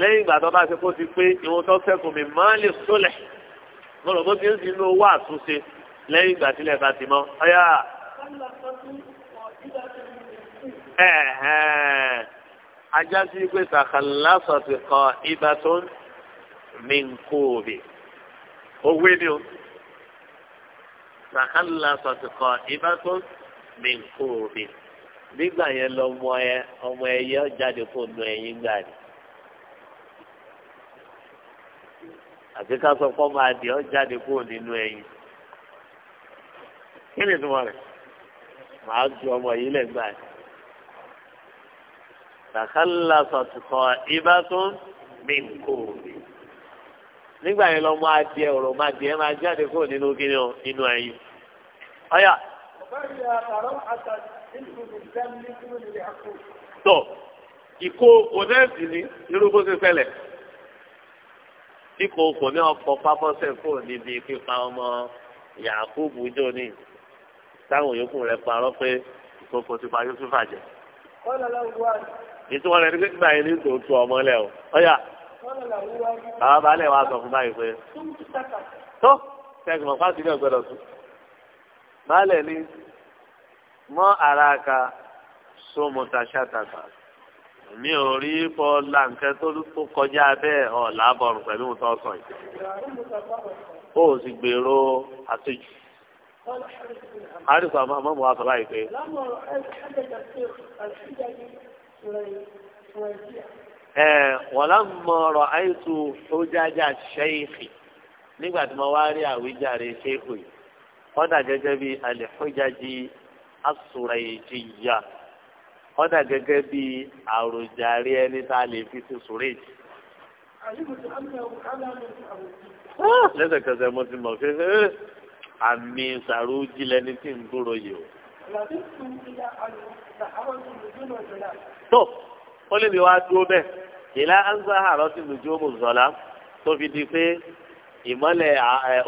lẹ́yìn ìgbà tó bá ṣe kó ti pé ìwọ̀n tó fẹ́ kò mí máa lè sólẹ̀ mo rò bó ti ń sinú owó àtúnṣe lẹ́yìn ìgbà sílẹ̀ bá ti mọ́ ọ̀yà. ajá sí pé sàkàlà sọ̀tì kan ibà tó ń mi ń kó obì owó ni o sàkàlà sọ̀tì kan ibà tó ń mi ń kó obì nígbà yẹn lọmọ ẹ ọmọ ẹyẹ jáde fún un ẹyin gbà ni. àti ká sọ fọ́ máa di ọ jáde kúrò nínú ẹyin kí ni ìtumọ̀ rẹ̀ màá ju ọmọ yìí lẹ̀ gbà ẹ̀. sàkálà sọ̀tùkọ̀ ibà tó mí kò rí. nígbà yẹn lọ́mọ adìẹ òrò máa dìẹ máa jáde kúrò nínú kíni o nínú ẹyin. ọ̀yà. tó ìkó onẹ́ẹ̀sì ni irú bó ṣe fẹ́lẹ̀ ikọ̀ okò ní ọkọ̀ pápọ́sẹ̀ kúrò níbi pípa ọmọ Yakubu jóni táwọn yòókù rẹ̀ parọ́ pé ìkókò ti pa Yusufa jẹ. ìtumọ̀ rẹ̀ ní pé nígbà yẹn ní tòun ọmọ lẹ̀ o ọ̀yà bàbá balẹ̀ wa sọ fún báyìí pé tó sẹ́gun mọ̀ fásitì náà gbọ́dọ̀ tún balẹ̀ ni mọ́ ara ka sómọ́ta ṣàtàkà mi ò rí pọ lànkẹ tó kọjá bẹ́ẹ̀ ọ làbọrùn pẹ̀lú nǹkan ọsàn yìí ó sì gbèrò àtijọ́. àdìsọ àmọ́ mọ́ àtọ́ láì a wọ́n lá mọ̀ ọ̀rọ̀ àìsù ojájà ṣẹ́yìkì nígbà tí mo wá rí àwíjàre ṣéèkù yìí kọ́dà gẹ́gẹ́ bí àlẹ́fọ́jájì asùrẹ̀yìjìyà a àmì sàrújì lẹni tí ń gbòòrò yìí o. tó ó lè mi wá dúró bẹ́ẹ̀ ìlà ansa àrọ́ sí lójú ọmọ zọ́lá tó fi di pé ìmọ́lẹ̀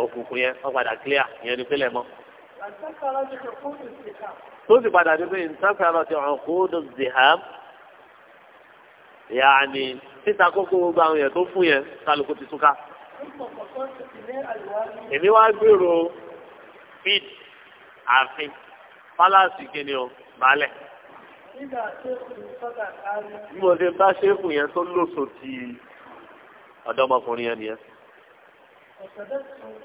òkùnkùn yẹn wọ́n padà clear ìyẹn ni pé lẹ́mọ́. tó sì padà di pé ìtàkàrọ̀ ti hàn kó dùn ziham yaani títa kókó gbogbo àwọn yẹn tó fún yẹn kálukú ti túká. èmi wá gbèrò tawhid ààfin fálásì kìíní o balẹ̀. bí mo ṣe bá ṣéèkù yẹn tó lóso ti ọ̀dọ́mọkùnrin yẹn nìyẹn.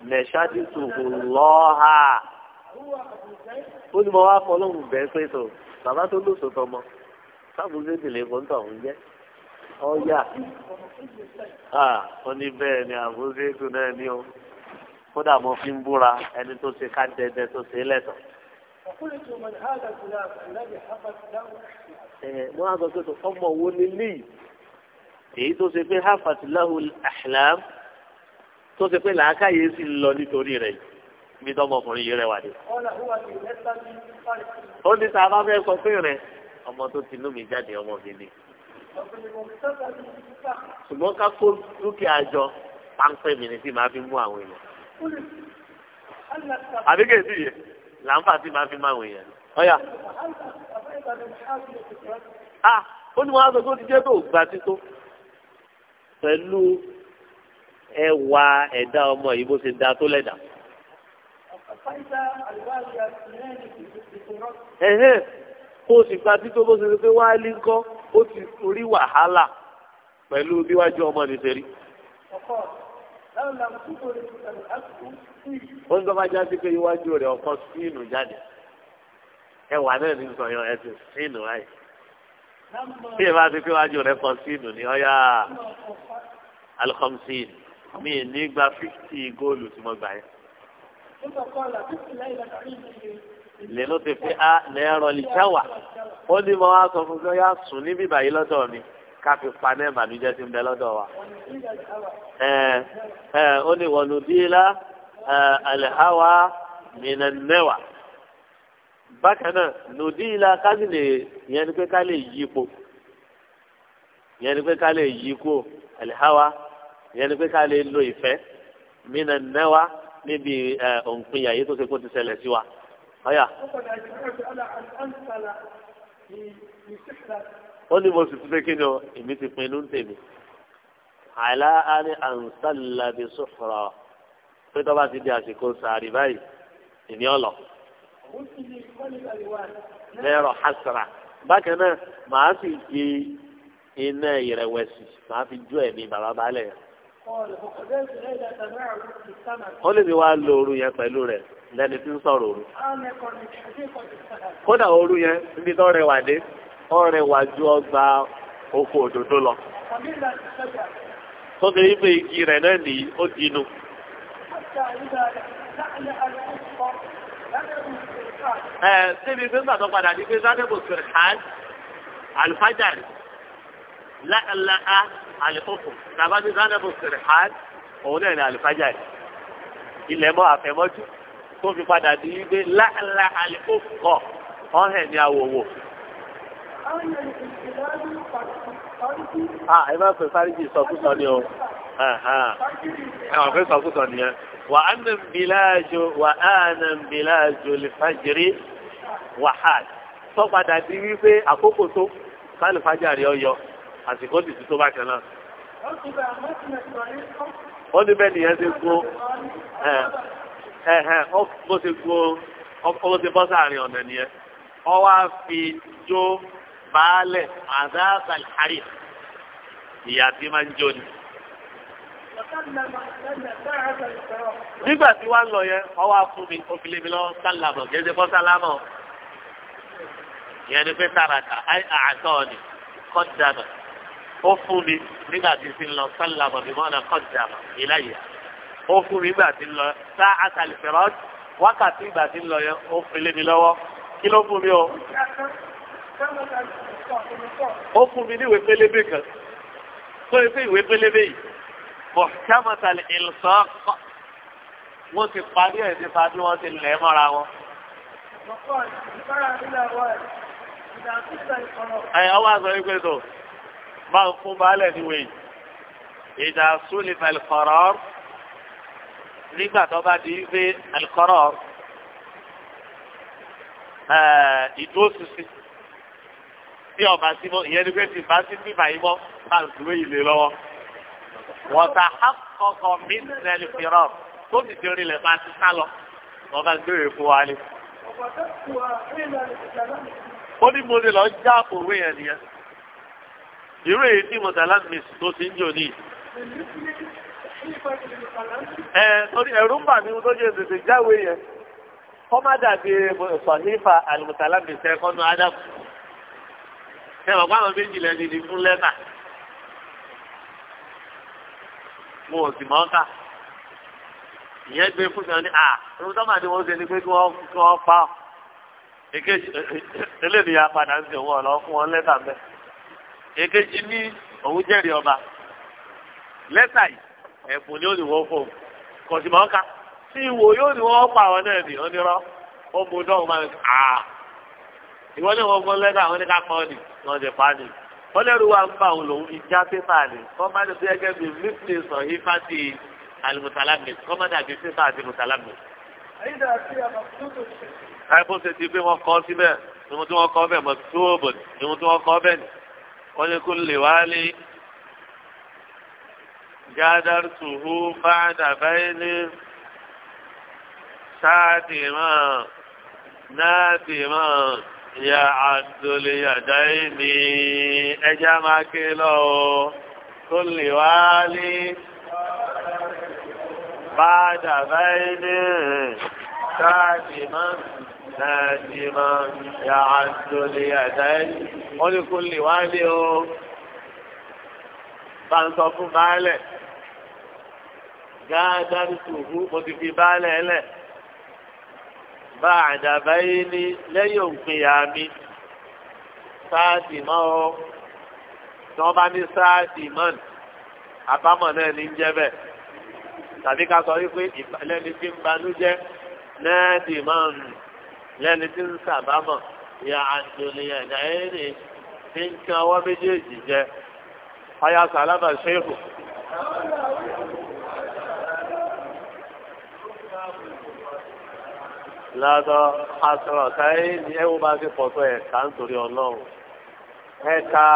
nẹ̀ṣáàdì tó kò lọ́ha. ó ní mo wá fọlọ́hùn bẹ́ẹ̀ pé tó bàbá tó lóso tọmọ sábùúgbé ìdílé kò ń tọ̀ ń jẹ́ ọ̀ya. wọ́n ah, ní bẹ́ẹ̀ ni àbúrò ṣéèkù náà ní o kódà mo fi ń búra ẹni tó ṣe ká dẹdẹ tó ṣe lẹ́tọ̀. mo á sọ pé tó ọmọ wo ni léyìí èyí tó ṣe pé hafatilahu ahlam tó ṣe pé làákàyè sì ń lọ nítorí rẹ̀ ibi tó ọmọkùnrin yìí rẹ̀ wà dé. ó ní sábà fẹ́ sọ pé rẹ̀ ọmọ tó ti inú mi jáde ọmọ mi ni. ṣùgbọ́n ká kó dúkìá jọ páńpẹ́ mi ni tí màá fi mú àwọn èèyàn àbí kèsì yẹ làǹfà sí máa fi máa wò yẹn ọyà. a ah, ó ní wọn aṣọ tó ti jẹ́ tó gba tító pẹ̀lú ẹwà ẹ̀dá ọmọ yìí bó ṣe da tó lẹ́dà. kó o sì gba tító bó ṣe ṣe pé wáálí ńkọ́ ó ti rí wàhálà pẹ̀lú bíwájú ọmọ nìṣẹ́rí. ọkọ ó ń gbọ́dọ̀ jáde pé iwájú rẹ̀ ọkọ sínú jáde ẹwà náà ní sọ yọ ẹsẹ̀ sínú láì bí ẹ bá ti pé iwájú rẹ̀ kọ sínú ni ọ̀yà alhamsin mi ní gba fífítì góòlù tí mo gbà yẹn. lẹ́nu ti fi lẹ́rọ̀ lìjáwà ó ní mo wá sọ fún mi ó yà sùn níbí báyìí lọ́dọ̀ mi káfí paná ìbànújẹ́ ti ń bẹ lọ́dọ̀ wa. ó ní wọnú díìlá alihawa minanẹwa bákan náà nùdíìlá káàdì lè yẹn ni pé ká lè yípo yẹn ni pé ká lè yípo alihawa yẹn ni pé ká lè lo ìfẹ́ minanẹwa níbi òǹpinyà yìí tó ṣe kó ti ṣẹlẹ̀ sí wa. ọ̀yà ó ní mo sì ti pé kí ni o èmi ti pinnu ń tèmi àìlá àní ànsálàbí sọfọrọ pé tó bá ti di àsìkò sàárì báyìí èmi ọlọ. lẹ́rọ hasra bákan náà màá sì fi iná ìrẹ̀wẹ̀sì màá fi jó ẹ̀mí bàbá balẹ̀. ó lè ní wàá lo òru yẹn pẹ̀lú rẹ̀ lẹ́ni tí ń sọ̀rọ̀ òru. kódà òru yẹn níbi tó rẹwà dé. ọrẹ wà ju ọgbà oko òdòdó lọ. tó ṣe wípé igi rẹ̀ náà nìyí ó dínú. ẹ síbi pé padà ní pé sádẹ́bù sèrèkán alifájàre láàlá alifófò tàbá ní òun náà ní ilẹ̀ mọ́ àfẹ́mọ́jú tó fi padà ní ibe ní awòwò. Ah, ẹ máa fẹ́ fáríjì sọkúsọ ni o ẹ̀wọ̀n fẹ́ sọkúsọ nìyẹn wà á nà bìláàjò wà á nà bìláàjò lè fàjìrí wàhálà tó padà di wípé àkókò tó sáàlì fàjàrí ọyọ àsìkò tìtì tó bá kan náà. ó ní bẹ́ẹ̀ nìyẹn ti gun ó ti gun ó bó ti bọ́ sáàrin ọ̀nà nìyẹn ó wá fi jó baálẹ̀ àdáàkà ìhárí ìyá tí máa ń jó ni. nígbà tí wàá lọ yẹn ọwọ́ afún mi obìnrin mi lọ sálámọ̀ gẹ́gẹ́ bọ́ sálámọ̀ ìyẹn ni pé tààràkà àtọ̀ ni kọ́ńdàmà ó fún mi nígbà tí ti lọ sálámọ̀ mi mọ́nà kọ́ńdàmà ìláyà ó fún mi nígbà tí lọ sáà àtàlìfẹ̀rọ̀ wákàtí ìgbà tí lọ yẹn ó fi lé mi lọ́wọ́ kí ló fún mi o ó fún mi ní ìwé pélébé kan tó yẹ pé ìwé pélébé yìí bọ̀ kámọ́tàlì ìlsọ́ wọ́n ti parí ẹ̀ nípa bí wọ́n ti lẹ̀ mọ́ra wọn. ẹ ọwọ́ àgbà yìí pé tó máa ń fún baálẹ̀ níwé yìí ìdá súnlẹ̀ fẹ̀lkọ̀rọ̀ nígbà tó bá di pé ẹ̀lkọ̀rọ̀ ìdúró sísìn tí ọba sí mọ́ ìyẹn ni pé tí bá sí bíbà yìí mọ́ bá ń dúró ìlè lọ́wọ́. wọ́n ta akọkọ mi nílẹ̀ fìrọ̀ tó ti di orí ilẹ̀ bá ti sá lọ wọ́n bá gbé èèfó wa ni. ó ní mo lè lọ já òwe yẹn nìyẹn. irú èyí tí mọ̀tàlámìs tó ti ń jò ní. ẹ torí ẹ̀rú ń bà mí tó jẹ́ tètè jáwé yẹn. kọ́ má dàbí sọ̀nífà àlùmọ̀tàlámìs ẹ̀kọ́ nu ádámù. ṣe wọ́n pàmò méjìlá ẹni fún lẹ́tà mo ò sì ìyẹn gbé fún mi ní à ohun tó ní wọ́n ṣe ni pé kí wọ́n kí wọ́n pa èkejì eléyìí ya padà ń fún wọn lẹ́tà mẹ́ èkejì ní òun jẹ́rìí ọba lẹ́tà yìí ẹ̀bùn ni ó wọ́n fún kò sì tí ìwò ìwọ ní wọn fọ lẹ́tà àwọn oníkà kan ni wọn ti pa ni wọn lẹ́rù wa ń bá òun lòun fi já pépà ni wọn bá ní sẹ́yẹ́ gẹ́gẹ́ bí mísìlì sọ ifá ti alimusalami wọn bá dàbí pépà àti musalami. àìbó ṣe ti pé wọn kọ́ síbẹ̀ ìwọ̀n tí wọ́n kọ́ bẹ̀ mọ̀ tóòbò ìwọ̀n tí wọ́n kọ́ bẹ̀ ni wọ́n ní kó lè wá lé gádàr tùhú bá dàbáyé ní sáàdì mọ́ náàdì mọ́ ya àdúlé àdá ìní ẹjá máa ké lọ o tó lè wá ní bá dàbá ìní káàdì máa láti máa ya àdúlé àdá ìní wọ́n ní kó lè wá ní o bá ń sọ fún baálẹ̀ gáà dárí tòhú mo ti fi baálẹ̀ ẹlẹ́ bá àdàbà yìí ní lẹ́yìn òpin ya mi sáàdì mọ́ ọ tí wọ́n bá ní sáàdì mọ́n àbámọ̀ náà ní jẹ́ bẹ́ẹ̀ tàbí ká sọ wípé lẹ́ni tí ń banújẹ́ náàdì mọ́n lẹ́ni tí ń sàbámọ̀ ya àtòlìyà náírà tí ń kan ọwọ́ méjèèjì jẹ́ ọyá sàlámà ṣéèkù. lọ́dọ̀ asọ̀rọ̀ káyé ni ẹ wo bá ti pọ̀ tó ẹ̀ka nítorí ọlọ́run ẹ̀ka.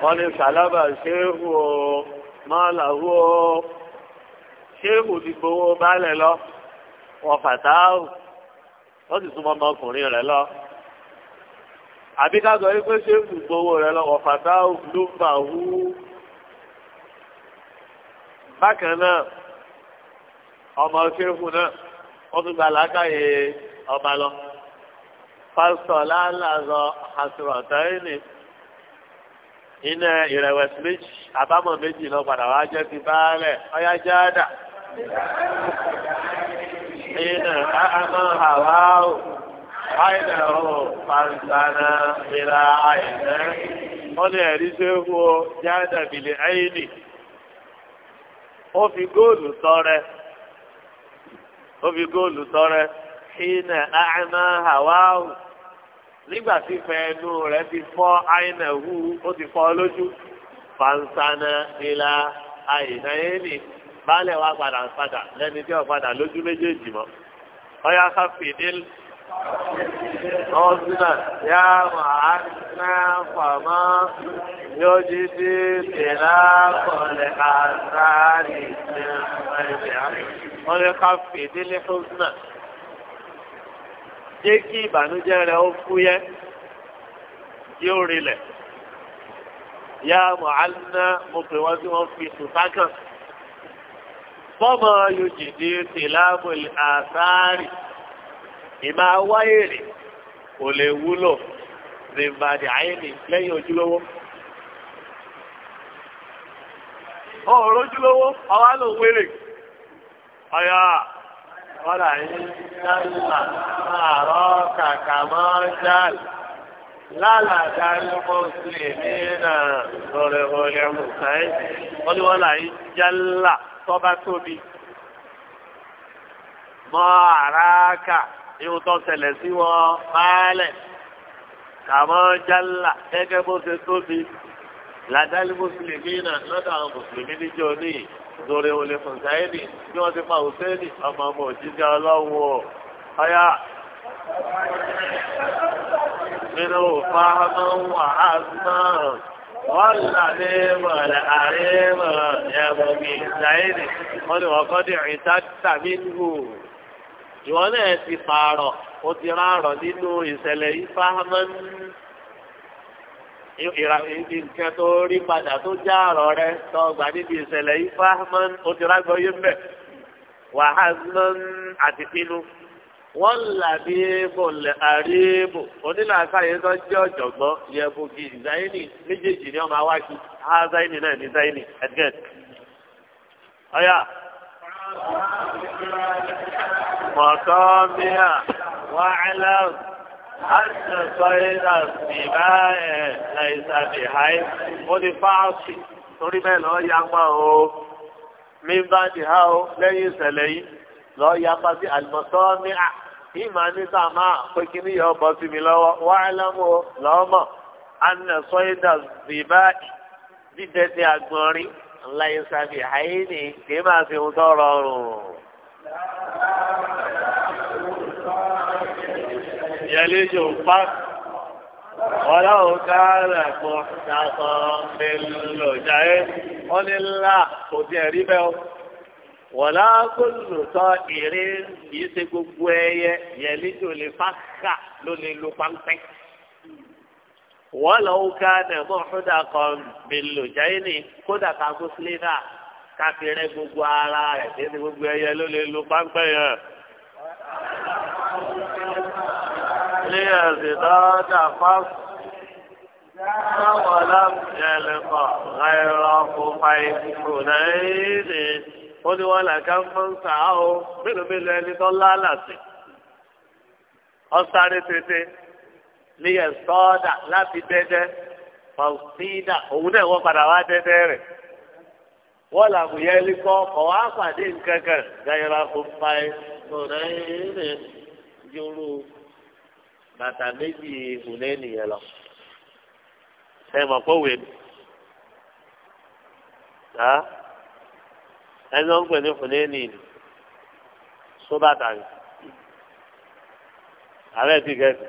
wọ́n ní sàlábà ṣéhù o mọ́làwú o ṣéhù ti gbowó baálẹ̀ lọ wọ́n fàtáhù wọ́n sì súnmọ́ ọmọkùnrin rẹ̀ lọ àbí ká sọ wípé ṣé gbogbo rẹ lọ ọ̀fàtà ló bà wú. bákan náà ọmọ ṣéfù náà wọ́n tún gba làákàyè ọba lọ. pásítọ̀ láńláńlọ àṣìwàtáyìnì iná ìrẹ̀wẹ̀sì méjì àbámọ̀ méjì lọ padà wá jẹ́ ti báálẹ̀ ọyá jáádà. iná àánú àwa àìdàrọ̀ pàǹtàna ìlà àìdẹ́ wọ́n ní ẹ̀rí ṣe ń wo jáde bìlẹ̀ àìní ó fi góòlù tọrẹ ó fi góòlù tọrẹ ìnà àìmọ́ hàwáhù nígbà tí fẹ́ẹ́nu rẹ̀ ti fọ́ àìnà hù ó ti fọ́ lójú pàǹtàna ìlà àìdẹ́ àìní baálẹ̀ wa padà padà lẹ́ni tí ó padà lójú méjèèjì mọ́ ọ̀yá káfíńdínlẹ́ ọ̀sìnà yá màá ná fàmọ́ yóò jí sí tìlá kọ̀lẹ̀ àtàrí wọ́n lè ká fèdè ní ọ̀sìnà. Jẹ́ kí ìbànújẹ́ rẹ̀ ó fúyẹ́ kí ó rilẹ̀. Yá màá ná mo pè wọ́n tí wọ́n fi sùpá Fọ́mọ yóò jì sí tìlá kọ̀lẹ̀ àtàrí. Ị ma èrè lè wúlò rìmbàdì àyèmí lẹ́yìn ojúlówó. ọ̀rọ̀ ojúlówó ọwá ló wérè ọ̀yà ọ̀rà ìjàlá àárọ̀ kàkà mọ́ jàl lálàdá mùsùlùmí náà lórí olè mùsàlùmí wọ́n ní wọ́n ọrụ ń jàlá tóbi ihun tó ṣẹlẹ̀ sí wọn máàlẹ̀ kàmọ́ jálà gẹ́gẹ́ bó ṣe tóbi làdáli mùsùlùmí náà lọ́dọ̀ àwọn mùsùlùmí níjọ́ ní ìdòrè olè fòǹsáìdì bí wọ́n ti pa hùsẹ́ẹ̀nì ọmọ ọmọ òjíṣẹ́ ọlọ́wọ́ ọ̀yà nínú fáhámà wà á sàn wọ́n là ní mọ̀lẹ́ àárẹ̀ mọ̀ ẹ̀mọ̀gì ìsáìdì wọ́n ni wọ́n kọ́ dé ìta tàbí nù ìwọ náà ti pààrọ̀ o ti ráàrọ̀ nínú ìṣẹ̀lẹ̀ ifáhámán nǹkan tó rí padà tó já àrọ̀ rẹ tó gbà níbi ìṣẹ̀lẹ̀ ifáhámán o ti rágbọ́ yé mbẹ̀ wàhálán àti pinnu wọ́n làbí bò lẹ̀ àríbò onílàásáyé tó jẹ́ ọ̀jọ̀gbọ́n yẹ bògì zaini méjèèjì ni wọ́n máa wá kí ha zaini náà ní zaini ẹ̀dẹ́gẹ́t وطابع واعلم أن صيد السباع ليس بحيث ودفاع torí bẹ́ẹ̀ lọ́ọ́ yapa o mímbá ti há o lẹ́yìn ìṣẹ̀lẹ̀ yìí lọ́ọ́ yapa sí àlùmọ́sọ́ ní à kí màá ní sàmà pé kí ni yọ̀ọ́ bọ́ sí mi lọ́wọ́ wá ẹlẹ́mu o lọ́ọ́ mọ̀ anasọ́yìndà zibá dídẹ ti àgbọ̀nrín ńlá yín sábì àyè ni kì í máa fi ohun tó rọrùn. ìyẹlé yóò pa ọlọ́run káàrà pọ̀ ṣàkọ́ mélòó jáde wọ́n ní ńlá kò tiẹ̀ rí bẹ́ẹ̀ o. wọ̀lá kóòlù sọ ìrìn kì gbogbo ẹyẹ ìyẹlé lè fà kà ló lè lo páńpẹ́ wọ́n lọ wú ká nà mọ́ ọ̀dà kan mélòó jáyé ni kódà ká kó sílẹ̀dà káfíńrẹ́ gbogbo ara rẹ̀ dédé gbogbo ẹyẹ ló lè lo pápẹ́ yẹn. ilé ẹ̀sìn dọ́dà fáwọn sáwọn lámùjẹ́lẹ̀ kọ̀ láìrọ̀ kó fàyè náà ní ó ní wọn mélòó mélòó ẹni tó lálàsì ọ̀sáré tètè léyà sọ́ọ̀dà láti dẹ́dẹ́ fàùsínà òun náà wọ́n padà wá dẹ́dẹ́ rẹ̀ wọ́n là bù yẹ líkọ́ kọ̀ wá pàdé nkankan gàyàrá kò fa ẹ lọ́nà ẹ̀rẹ̀ yòrò bàtà méjì òun nìyẹn lọ. ẹ mọ̀ pé òwe mi ẹni wọn pè ní fúnẹ́ẹ̀nì ni sóbàtà ni ààrẹ ti gẹ̀ẹ́sì.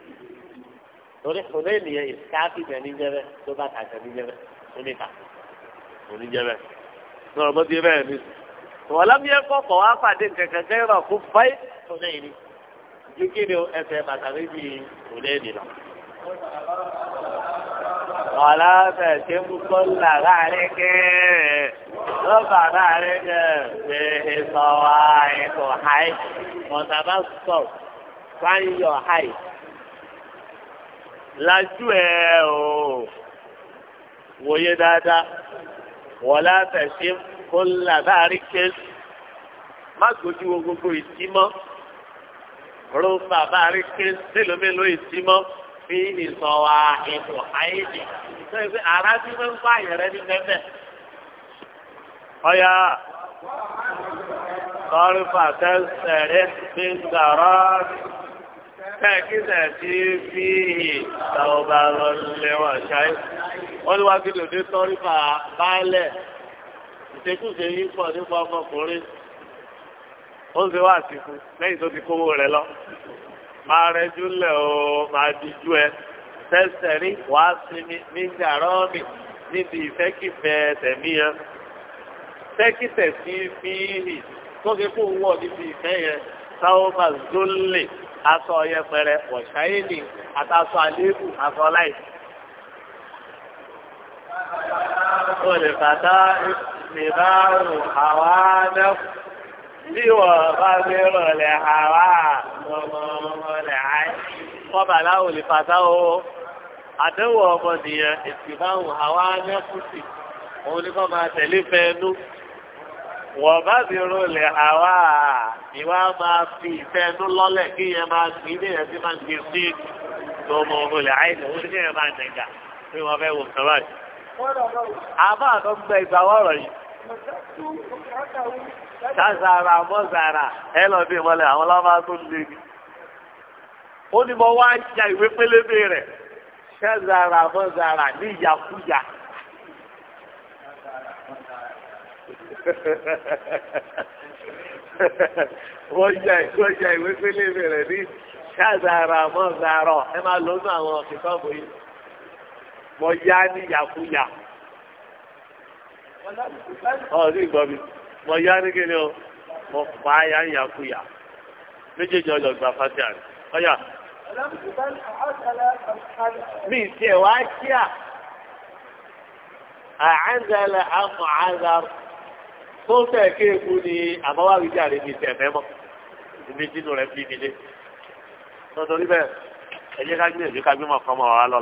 torí ṣùgbọ́n ènìyàn ìsáàbì bẹ̀ níjẹ́bẹ̀ tó bá tàjẹ́ níjẹ́bẹ̀ oníta oníjẹ́bẹ̀ lọ́rọ̀ bó ti bẹ́ẹ̀ ni. wọ́n lọ́mú yẹn kọ́kọ́ wá pàdé kẹ̀kẹ́ kẹ́rọ̀ kó báyìí ṣùgbọ́n èyí ni ju kí ni ẹsẹ̀ bàtà méjì ṣùgbọ́n èyí lọ. wàhálà bẹ̀ ṣe mú kọ́là láàrin kẹ́ lọ́ba láàrin kẹ́ ṣe sọ wá ẹ̀kọ́ háì mọ̀tàbá sọ̀ fáyọ̀ háì lajú ẹ o wòye dáadáa wọlá tẹsí kó là láàrin kéésì má gbójú wo gbogbo ìtìmọ rúfà láàrin kéésì mélòó mélòó ìtìmọ fi ìsọ wa ètò àyèjì sọ ara tí wọn bá yẹrẹ ní bẹbẹ. ọ̀yà sọ́rí fàtẹ́sẹ̀rẹ́ ti ń dàrọ́ kíkẹ́ sí fíhì táwọn bá lọ lẹ́wọ̀n ṣáì wọ́n ní wá kí lòdì sọ́rí fà báálẹ̀ ìṣekúṣe yìí pọ̀ nípa ọmọkùnrin ó ṣe wá àsìkò lẹ́yìn tó ti kówó rẹ̀ lọ máa rẹjú lẹ̀ o máa dijú ẹ tẹ́sẹ̀ rí wàá sinmi ní jàrọ́ọ̀mì níbi ìfẹ́kìfẹ́ tẹ̀mí yẹn tẹ́kìtẹ̀ sí fíhì tó ṣe fún wọ̀ níbi ìfẹ́ yẹn táwọn bá zólè aṣọ ọyẹpẹrẹ wọ̀ṣáyélì àtàṣọ àléébù aṣọ láì. o lè fàtà ìbáàrù àwa náà bí wọ́n bá gbé rọ̀lẹ́ àwa mọ̀mọ́mọ́lẹ̀ àyè. wọ́n bà lè fàtà o àdéhùn ọmọnìyàn ìsìnbáhùn àwa náà kùsì òun ni kò tẹ̀lé fẹ́ẹ́ nú. wọ́n bá gbé rọ̀lẹ́ àwa ìwà máa fi ìfẹ́ ẹnu lọ́lẹ̀ kí yẹn máa gbin ní ẹ̀sìn máa gbin sí tó mọ ohun ilẹ̀ àìsàn ó ní kí yẹn máa dẹ̀gà pé wọ́n fẹ́ wò kàn báyìí. àbá àtọ́ gbẹ ìgbà wọ̀rọ̀ yìí. sásàrà mọ́sàrà ẹ lọ bí ìmọ̀lẹ̀ àwọn lọ́mọ tó ń lé ní. ó ní mo wá ya ìwé pélébé rẹ̀ sásàrà mọ́sàrà ní ìyàkúyà. Ha ha ha wọ́n ya wọ́n ya ìwé pélé bẹ̀rẹ̀ ní káàzàrà mọ́zàrọ̀ ẹ máa lọ nínú àwọn kìtọ́ọ̀bù yìí mọ ya ní yàkúyà ọ̀sìn gbọ́ mi mọ ya ní kíni o mọ fà á ya ní yàkúyà méjèèjì ọjọ́ gba fásitì àná ọ̀yà. mi tiẹ̀ wá kíá àádàlẹ̀ àmọ̀ àádàrọ̀ tó ń fẹ́ kéèkú ni àbáwáwí jáde ní ìtẹ̀fẹ́ mọ́ ìdílé jínú rẹ̀ bí nílé. lọ́sọ̀rí bẹ́ẹ̀ ẹ ká gbé ìdí ká gbé mọ̀ fọ́mọ́ wa lọ́la.